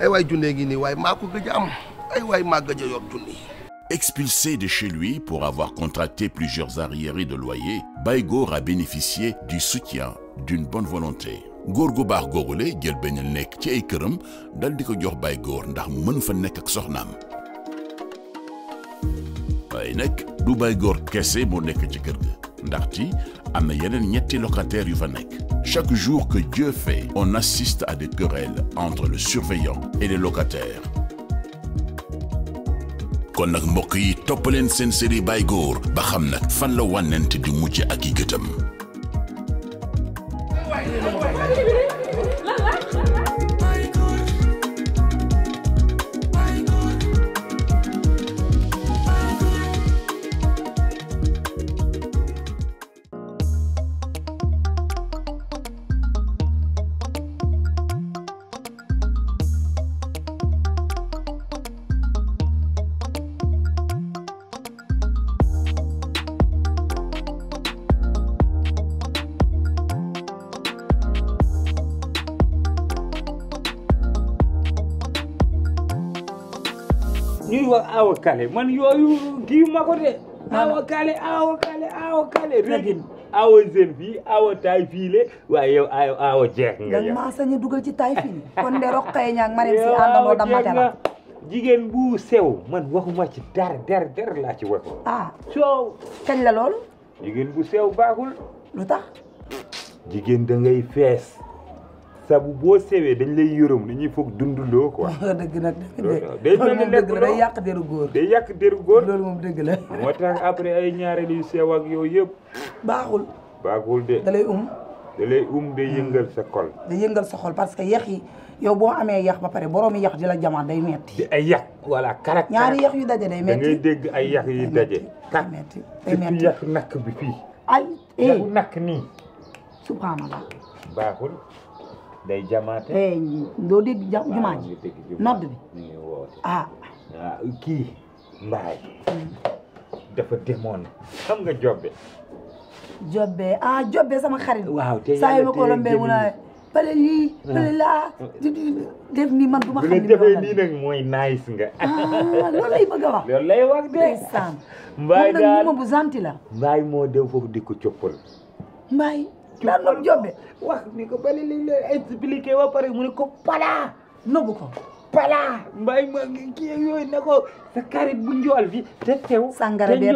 ay ay Expulsé de chez lui pour avoir contracté plusieurs arriérés de loyer, Baygor a bénéficié du soutien d'une bonne volonté. góor gu baax googule jël benn nekk ci ay kërëm dal di ko jox Baygor ndax mën fa nek ak soxnam. Ay nek du bay góor kese moo ci kër ga ndaxte am na yenen ñetti locataires yu fa nek chaque jour que Dieu fait on assiste à des querelles entre le surveillant et les locataires kon nak mbokk yi toppaleen sen série Baye Góor ba xam nak fan la wanent di mujj ak yi awa kale man yooyu kii ma ko de awa kale awa kale awa kale rek awa seen waaye yow awa awa jeex nga yow maa sañ dugal ci taay fii kon de roqee ñaag ma dem si àndandoo dama jigéen bu sew man waxuma ci dara dara dara laa ci waxu ah soo kañ la loolu jigéen bu sew baaxul lu jigéen da fees saabu boo sewee dañ lay yërëm dañuy foog dunduloo quoi. dëgg nag day mel ni lekk day yàq deru góor. day yàq deru góor loolu moom dëgg la. moo tax après ay ñaareel yu sew ak yooyu yëpp. baaxul. baaxul de. da lay um. da lay um day yëngal sa xol. day yëngal sa xol parce que yax yi yow boo amee yax ba pare boroomi yax di la jamono day metti di ay yax voilà karak ñaari yax yu daje day metti da ngay dégg ay yax yu daje. day metti day metti surtout yax nakk bi fii. ay eh yaxu nakk nii. subhanallah baaxul. day jamaate. doo eh, ah, nodd bi ñu ah. ah, kii mbaay hmm. dafa demoon xam nga jobbe jobbe ah jobbe sama xarit waaw te saa yu ma ko rombee mu ne pale lii pale laa def nii man bu ma xam ne defee nii mooy nice nga loolu lay bëgg a wax loolu lay wax de ndeysaan mbaay daal moom bu zanti la mbaay moo dem foofu di ko coppal mbaay nangam jombe wax ni ko bali li la expliqué ba pare mu ne ko pala nobu ko pala mbay ma kii yooyu ne ko sa karit bu njool bi te tew sangara te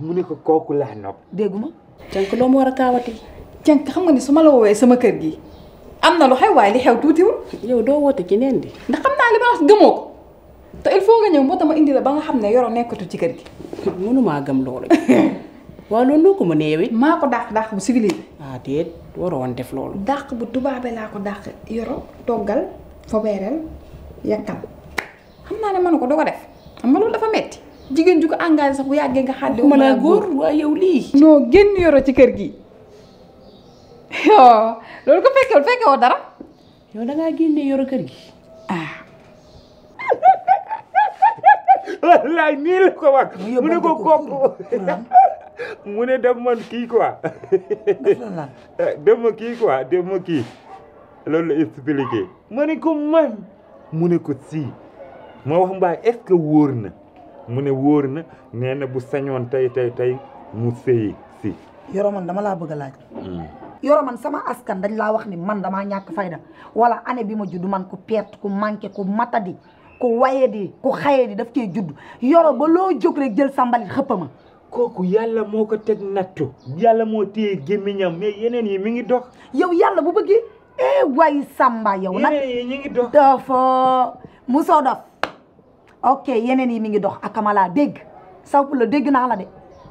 mu ne ko kooku laa nopp dégguma jànk loo mu war a kaawati jànk xam nga ni su ma la woowee sama kër gi am na lu xew waaye li xew tuutiwul yow doo woote ci neen di ndax xam naa li ma ko te il faut nga ñëw moo tax ma indi la ba nga xam ne yoro nekkatu ci kër gi mënumaa gëm loolu waaw loolu noo ko mënee yow it maa ko dàq dàq bu civilisé. ah déet waroon def loolu. dàq bu tubaabe laa ko dàq yoro toggal fobeereel yakkal xam naa ne mënu ko doo ko def xam nga loolu dafa metti jigéen ju ko engagé sax bu yàggee nga xàdde. mën a góor waa yow lii. non génn yoro ci kër gi yoo loolu ko fekkewul fekkewoo dara. yow da ngaa génne yoro kër gi ah. wallaay la ko mu ne ko kooku mu ne def man ki quoi. Eh, dem ki quoi dem ki lolou loolu expliqué. ko man mu ne ko si ma wax mbay est-ce que mu ne bu sañon tay tay tay mu sey si. Yoro man dama la bëgg laaj. Hmm. Yoro man sama askan dañ la wax ni man dama ñak fayda wala ane bi ma judd man ko perte ko manke ko matadi ko waye di ko xaye di daf judd Yoro ba lo jog rek jël kooku yàlla moo ko teg nattu yàlla moo téye gémmiñam mais yeneen yi mi ngi dox yow yàlla bu bëggee eh waay Samba yow na yeneen yi ñu ngi dox dafa musoo dof ok yeneen yi mi ngi dox akamala dégg saw la dégg naa la de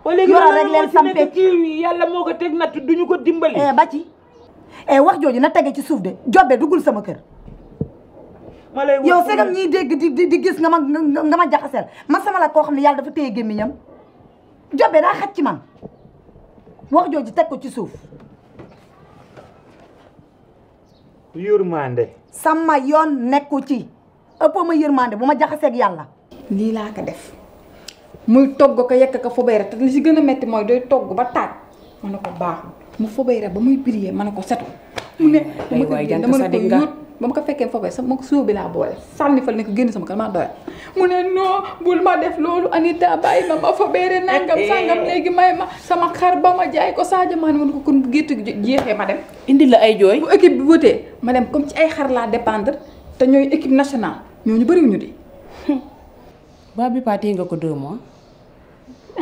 oh, yoral rek leen sampee yàlla moo ko teg nattu duñu ko dimbali eh, ba ci eh, wax jooju na tege ci suuf de jobbe duggul sama kër yow segam ñiy dégg di di gis nga ma nga ma jaxaseel man sama la koo xam ne yàlla dafa téye gémmiñam Jobe daa xaj ci man wax jooju teg ko ci suuf. yërmande. sama yoon nekku ci ëpp ma yërmande bu ma jaxaseeg yàlla. lii laa ko def muy togg ko yekk ko fobeere te li si gën a metti mooy doy togg ba taaj ma ne ko baaxul mu fobeere ba muy briller ma ne ko setul. mu ne dama ne ko ba ko fekke fofé sa ma ko la bi sanni fa nek génn sama kan ma doy mune no bul ma def loolu Anita bàyyi ma ma fa beere nangam eh, eh. sangam léegi may ma sama xar ba ma jaay ko Sadio man woon ko kun gétt gi ma dem. indi la ay joy bu équipe bi wutee ma dem comme ci ay xar la dépendre te ñoy équipe nationale ñoo ñu bari wu ñu di. ba bi paatee nga ko deux mois.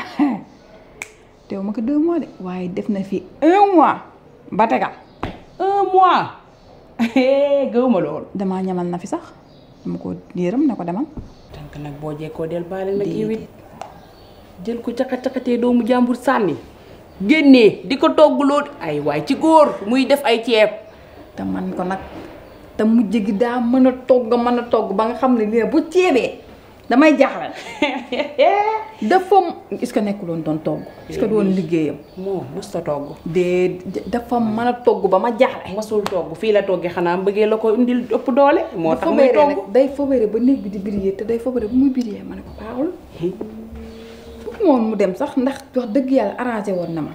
teew ma ko deux mois de waye def na fi un mois ba tegal. un mois. gëwuma lool damaa ñamal na fi sax dama ko yërëm na ko demal. tànk nag boo jekkoo del baale nag yow it jël ko caxat-caxatee doomu jàmbur sànni génnee di ko toggaloo ay waay ci góor muy def ay ceeb. te man ko nag te mu gi daa mën a togg mën a togg ba nga xam ne lii bu ceebee. damay jaaxle. dafa est-ce que nekkuloon doon togg. est-ce que doon liggéeyam. moom mosut a togg. de dafa mën a togg ba ma jaaxle. mosul togg fii la toggee xanaa mbëggee la ko indil ëpp doole. moo tax muy togg day fobëre ba néeg bi di biriyee te day fobëre bu muy biriyee ma ne ko baaxul. bëgg woon mu dem sax ndax wax dëgg yàlla arrangé woon na ma.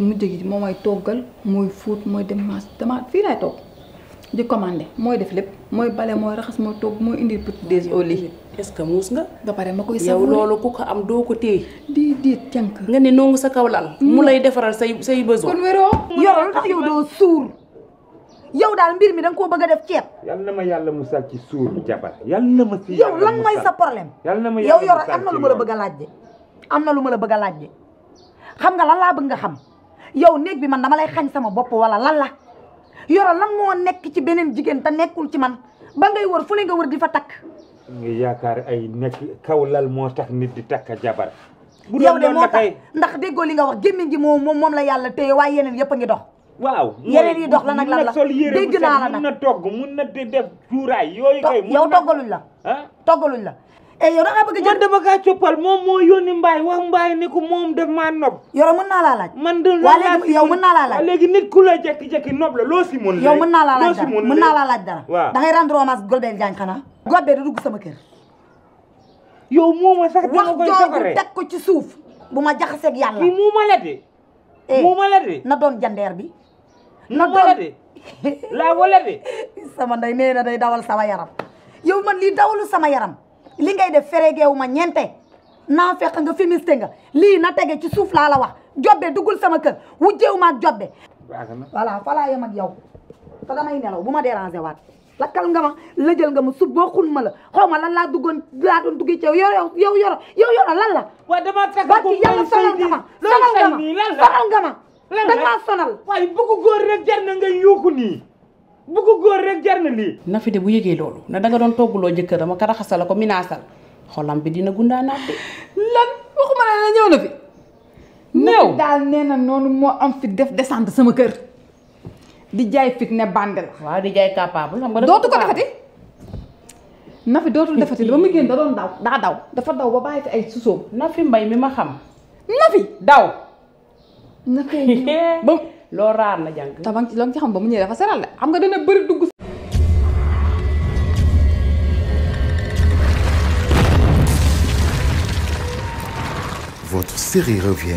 mu jógee moom mooy toggal mooy fóot mooy dem ma dama fii laay togg. di commandé mooy def lépp mooy bale mooy raxas mooy togg moo indi petit déj au lit est-ce que muus nga. ba pare ma koy yow loolu ku ko am doo ko téye. di di nga ne nongu sa kaw lal. mu mm. lay defaral say say besoin. kon wéroo yoroo tax yow doo suur. yow daal mbir mi da nga koo bëgg a def ceeb. yal na ma yàlla musal ci suur jabar yal na ma si yow lan mooy sa problème. yal na ma yow yoroo am na lu ma la bëgg a laaj de. am na lu ma la bëgg a laaj de xam nga lan laa bëgg nga xam yow néeg bi man dama lay xañ sama bopp wala lan la yoro lan moo nekk ci beneen jigéen te nekkul ci man ba ngay wër fu ne nga wër di fa takk nga yaakaar ay nekk kaw lal moo tax nit di takka jabar yow de moo tax ndax déggoo li nga wax gémmiñ gi moom moom la yàlla téye waaye yeneen yëpp a ngi dox waaw yeneen yi dox la nag lan la dégg naa la nag mun na togg mun na def cuuraay yooyu kay yow toggaluñ la ah? toggaluñ la et eh, yow da ngaa a jël man dama kaa coppal moom moo yónni mbaay wax mbaay ni ko moom daf maa nob yoro mën naa laa laaj man de yow mën naa laa laaj léegi nit ku jekki-jekki loo si mën yow mën naa laa laaj dara mën naa laa laaj dara waaw da ngay rendre hommage Golbel sama kër yow mooma sax dama koy ko ci suuf bu ma jaxaseeg yàlla kii muuma la de eh. muuma la de na doon jandeer bi na doon laa wala de sama nday nee na day dawal sama yaram yow man lii dawalu sama yaram li ngay def feregeewu ma ñeente naa fekk nga fumiste nga lii na tege ci suuf laa la wax jobbe duggul sama kër wujjeewu ma ak jobbe voilà falaa yem ak yow te damay nelaw bu ma déranger waat kal nga ma la jël nga ma sub boo xun ma la xaw ma lan laa duggoon laa doon duggi ci yow yoro yow yoro yow yoro lan la waa dama teg ko yàlla sonal nga ma sonal nga ma sonal nga ma danga sonal waaye bëgg góor rek jar na nga yuuxu nii bëgg góor rek jar na lii. na de bu yëgee loolu ne danga doon togguloo jëkkër ma ko raxasala ko minaasal xolam bi dina gundaanaat de. lan waxuma ne la na fi. néew daal na noonu moo am fi def descente sama kër. di jaay fit ne bande la. waaw di jaay capable xam nga dootu ko defati. Nafi dootul defati ba mu génn da doon daw daa daw dafa daw ba bàyyi fi ay susoom. Nafi mbay mi ma xam. Nafi daw. Nafi ba Votre série revient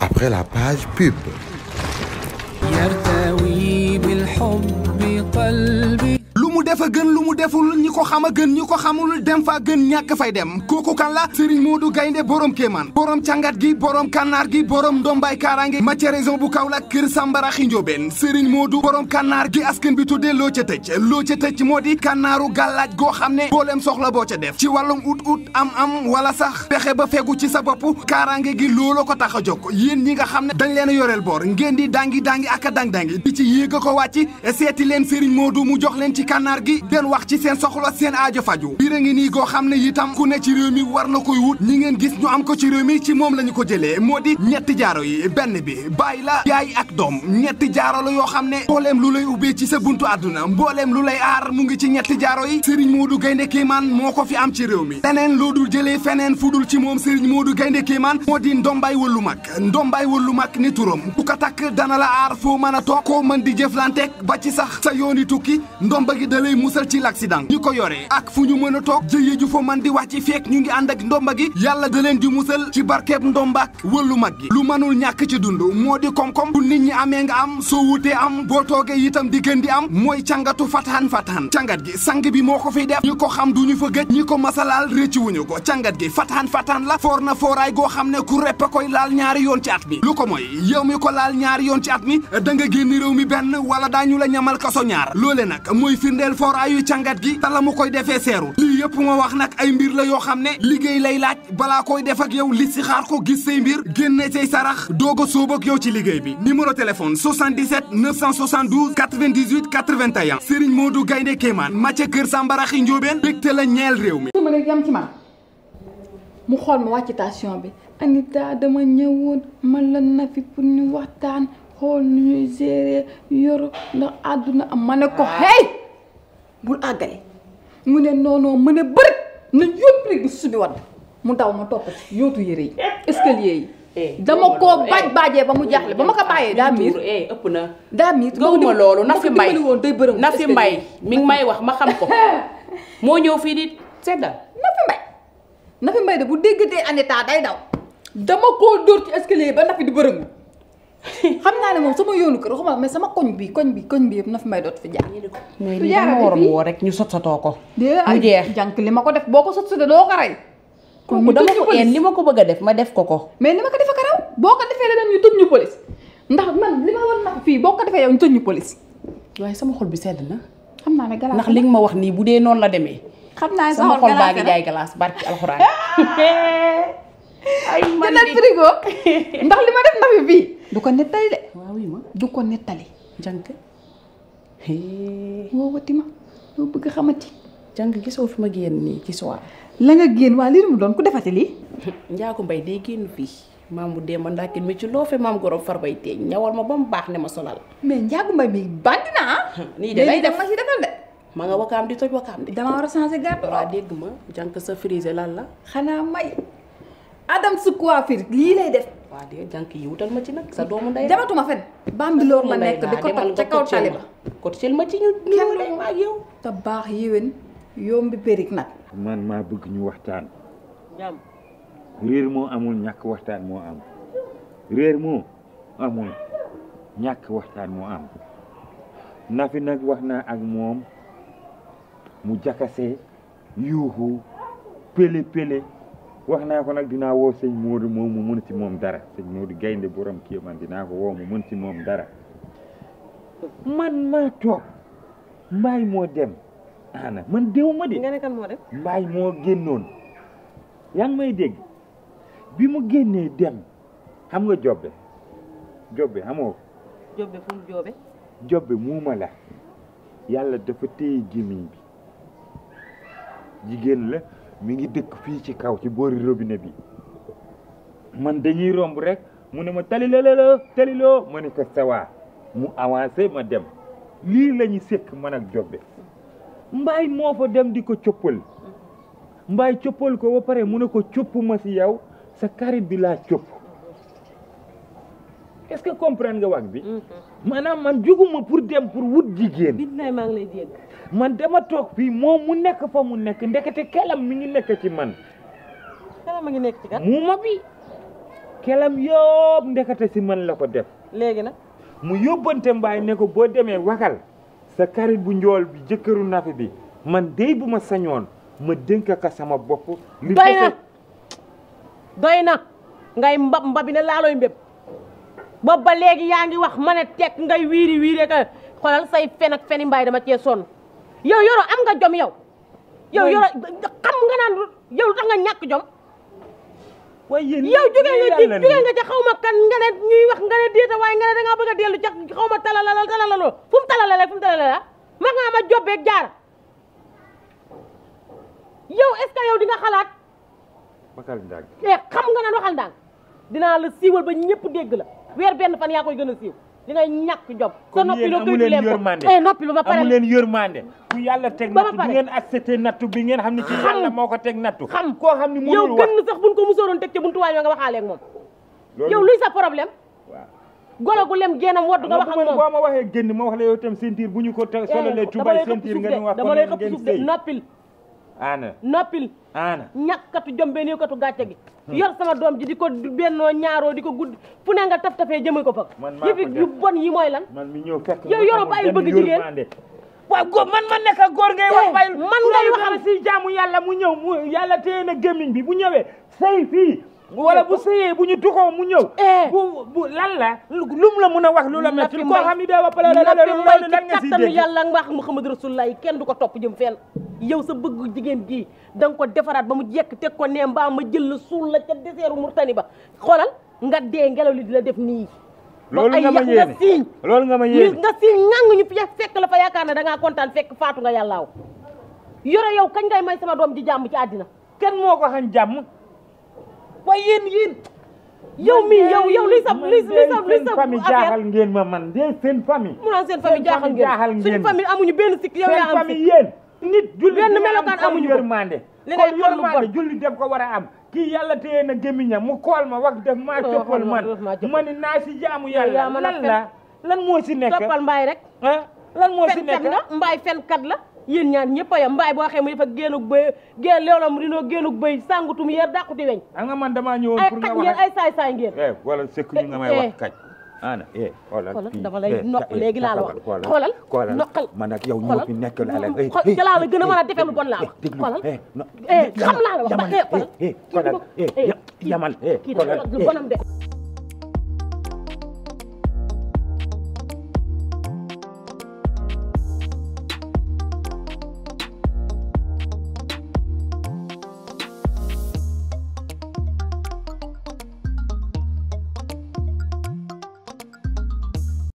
après la page pub. mu def a gën lu mu deful ñi ko xam a gën ñi ko xamul dem fa gën ñàkk fay dem kooku kan la Serigne Modou Gaynde borom Kéemaan borom càngat gi borom kannaar gi borom ndombaay kaaraange matière raison bu Kaolack kër Sambara Xinjoobeen Serigne Modou borom kannaar gi askan bi tuddee loo ca tëj loo ca tëj moo di kannaaru gàllaaj goo xam ne booleem soxla boo ca def ci wàllum ut ut am am wala sax pexe ba fegu ci sa bopp kaaraange gi looloo ko tax a jóg yéen ñi nga xam ne dañ leen a yoreel boor ngeen di dangi dangi ak a dang dangi di ci yéeg mu jox leen ci kan gànnaar gi den wax ci seen soxla seen aajo faju biir nii goo xam ne itam ku ne war na koy wut ñi ngeen gis ñu am ko ci réew mi ci moom la ñu ko jëlee moo di ñetti jaaro yi benn bi bàyyi la yaay ak doom ñetti jaaro la yoo xam ne mbooleem lu lay ubbee ci sa buntu àdduna mbooleem lu lay aar mu ngi ci ñetti jaaro yi sëriñ Modou Gaynde Kéemaan moo ko fi am ci réew mi leneen dul jëlee feneen fu dul ci moom sëriñ Modou Gaynde Kéemaan moo di ndombaay wëllu mag ndombaay wëllu mag ni turam ku ko takk dana la aar foo mën a toog koo mën di jëflanteeg ba ci sax sa yoon yi tukki ndomba gi dalay musal ci l'accident ñu ko yore ak fu ñu mën a toog jëye ju fa man di wax ci fekk ñu ngi ànd ak ndomba gi yàlla da leen di musal ci barkeeb ndombaak wëllu mag gi lu mënul ñàkk ci dund moo di koom-koom bu nit ñi amee nga am soo wutee am boo toogee itam di gën di am mooy cangatu fataan fataan cangat gi sang bi moo ko fi def ñu ko xam duñu ñu fa gëj ñi ko masalaal rëcc wuñu ko cangat gi fataan fataan la foor na fooraay goo xam ne ku repp koy laal ñaari yoon ci at mi lu ko mooy yow mi ko laal ñaari yoon ci at mi da nga génn mi benn wala daañu la ñamal kaso ñaar loole nag mooy wàññileel foraayu cangat gi te la mu koy defee seeru lii yëpp ma wax nag ay mbir la yoo xam ne liggéey lay laaj balaa koy def ak yow li si xaar ko gis say mbir génne say sarax doog a sóob ak yow ci liggéey bi numéro téléphone 77 972 98 81 Serigne Modou Gaynde Kéemaan ma ca kër Sambaraxi Njóobeen bégte la ñeel réew mi ma rek mu xool ma wàcc station bi Anita dama ñëwoon man la na fi pour waxtaan xool nu ñuy gérer yor ndax àdduna am ma ne ko hey bu àggale mu ne noonoo mën a bëri na yóbbu su bi subi mu daw ma topp ci yóotu yére yi escalier yi eh, eh, dama koo eh. baaj baajee ba mu jaaxle ba ma ko bàyyee daa miir ëpp na daa miir gëwuma loolu na fi mbay na fi mbay mi ngi may wax ma xam ko moo ñëw fii di seddal na fi mbay na fi mbay de bu déggatee Anita day daw dama koo dóor ci escalier ba na fi di bërëngu xam naa ne moom sama yoonu kër waxuma sama koñ bi koñ bi koñ bi yëpp na fi may doot fi jaar. mais li ma ko. mu jeex ko def boo ko sot sotee doo ko rey. kooku dama ko en li ma ko bëgg a def ma def ko ko. mais ni ma ko defee karaw ko defee leneen ñu tëj ñu police boo ko defee yow ñu tëj ñu police. waaye sama xol bi sedd na. xam naa ni galaas ndax li nga ma wax nii bu dee noonu la demee. xam naa ne sama xol baa ngi jaay galaas barki alxuraan. ay man de frigo ndax li ma def ndax bi duko netali de wa wi ma duko netali jank he wo wati ma do bëgg xamati jank gisoo fi ma génn ni ci soir la nga génn wa li mu doon ku defati lii njaaku mbay de génn fi mamu bu dee ma ndàkkee mi ci lofé mam maam gorom far bay teeñ ñawal ma bam mu baax ne ma solal mais njaaku mbay mi bandina ni ah. de lay def ma ci defal de ma nga wakam di toj wakam de dama wara changer garde wa degg ma jank sa friser lan la xana may adam su coiffure li lay def waa de jànk yi wutal ma ci nag sa doomu ndey dematuma fen bambiloor la nekk di ko toj ca kaw tali ba cotisel ma ci ñu ñu ma ak baax yéwén yombi périk nag ñu waxtaan réer moo amul ñàkk waxtaan moo am ñàkk waxtaan moo am Nafi nag wax naa ak moom mu jakase yuuxu pélé pélé wax naa ko nag dinaa woo sëñ Modou moom mu mën ci moom dara sëñ di gaynde borom kii man dinaa ko woo mu mën ci moom dara man maa toog mbaay moo dem ana man déw ma de. nga ne kan moo mbaay moo génnoon yaa ngi may dégg bi mu génnee dem xam nga jobbe jobbe xamoo jobbe fu muuma la yàlla dafa téye gémmiñ bi jigéen la mi ngi dëkk fii ci kaw ci boori robine bi man dañuy romb rek mu ne ma tali lalala tali loo ma ne ko sawa mu avancé ma dem lii la ñu sékk man ak jobbe mbaay moo fa dem di ko cëppal mbaay cëppal ko ba pare mu ne ko copp ma si yow sa karit bi laa copp est-ce que comprendre nga wax bi mm-hmm. maanaam man jóguma pour dem pour wut jigéen billaay maa ngi lay man dem dama toog fii moom mu nekk fa mu nekk ndekete kelam mu ngi nekk ci man. kelam mi ngi nekk ci kan. mu ma bi kelam yëpp ndekete si man la ko def. léegi nag. mu yóbbante mbaay ne ko boo demee waxal sa karit bu njool bi jëkkëru nafi bi man dey bu ma sañoon ma dénk ka sama bopp. doy na doy na ngay mbab mbabi ne laalooy mbéb boobu ba léegi yaa ngi wax ma ne teg ngay wiiri wiiri ka xoolal say fen ak feni mbaay dama cee sonn. yow yoro am nga jom yow. yow yoro xam nga naan yow da nga ñàkk jom. waaye yéen nga ci nga ci xaw ma kan nga ne ñuy wax nga ne déeta waaye nga ne da ngaa bëgg a dellu ca xaw ma talalala talalaloo fu mu talalala fu mu talalala ah? ma nga ma xalaat. waxal ndànk. eh xam nga naan la siiwal ba ñëpp dégg la weer benn fan yaa koy gën a siiw. dina ñàkk jom. sa noppi lu kuy leen yërmande eh noppi lu ba pare amu leen yërmande. bu yàlla teg nattu bi ngeen accepté nattu bi ngeen xam ne ci yàlla moo ko teg nattu. xam koo xam ne mënul yow gën sax buñ ko musoroon teg ca buntu waañoo nga waxaale ak moom. yow luy sa problème. waaw golo gu lem geenam wodd nga wax la yow itam seen bu ñu ko. Eh, solalee tubaay seen tiir nga ñu dama lay xëpp suuf de noppil ana noppil ana ñàkkatu jombe nii katu gàcce gi yor sama doom ji di ko bennoo ñaaroo di ko gudd fu ne nga taf tafee jëmee ko fa yi fi yu bon yi mooy lan man mi ñëw fekk yow yoroo bàyyi bëgg jigéen waaw góor man man nekk góor ngay wax bàyyi eh, man ngay waxal si jaamu yàlla mu ñëw mu yàlla téye na gémmiñ bi bu ñëwee sëy fii wala bu sëyee bu ñu tuxoo mu ñëw eh. bu bu lan la lum la mun a wax lu la metti koo xam ni day wax pale la lan nga si dégg yàlla wax Muhammad Rasulullah kenn du ko topp jëm fenn yow sa bëgg jigen gi dang ko défarat ba mu jekk teg ko ne mbaa ma jël la la ca deseeru murtani ba xolal nga dé ngelaw li di def ni lolou nga ma yéene lolou nga ma yéene nga siiñ ngang ñu fi fekk la fa yakarna da nga contane fekk faatu nga wu yoro yow kañ ngay may sama doom di jamm ci adina kenn moko xañ jamm ba yeen yeen yow mi yow yow li sa li sa li sa famille jaaxal ngeen ma man de seen famille. mu seen famille jaaxal ngeen suñu famille amuñu benn sik yow ya am seen famille nit julli benn melokaan amuñu ko yërmande li ngay xool lu bon julli def ko war a am kii yàlla téye na gémmiñam mu kool ma wax def maa oh, coppal man ma ni naa si jaamu yàlla lan la lan moo si nekk toppal mbaay rek lan moo si nekk la mbaay fenkat la yéen ñaan ñëpp a mbaay boo xee mu a génnug bëy génn loolam rinoo génnug bëy sàngutum yar dàquti weñ am ah, nga man dama ñëwoon pour nga wax ay xaj ngeen ay saay saay ngeen wala sëkk nga eh, wax eh. xaj ana eh xoolal dama lay eh, noq eh, léegi laa la wax xoolal xoolal noqal man ak yow ñoo fi nekk laa la eh laa la eh, gën a mën a defee lu bon laa wax xoolal eh xam laa la wax ba eh xoolal eh yamal eh xoolal eh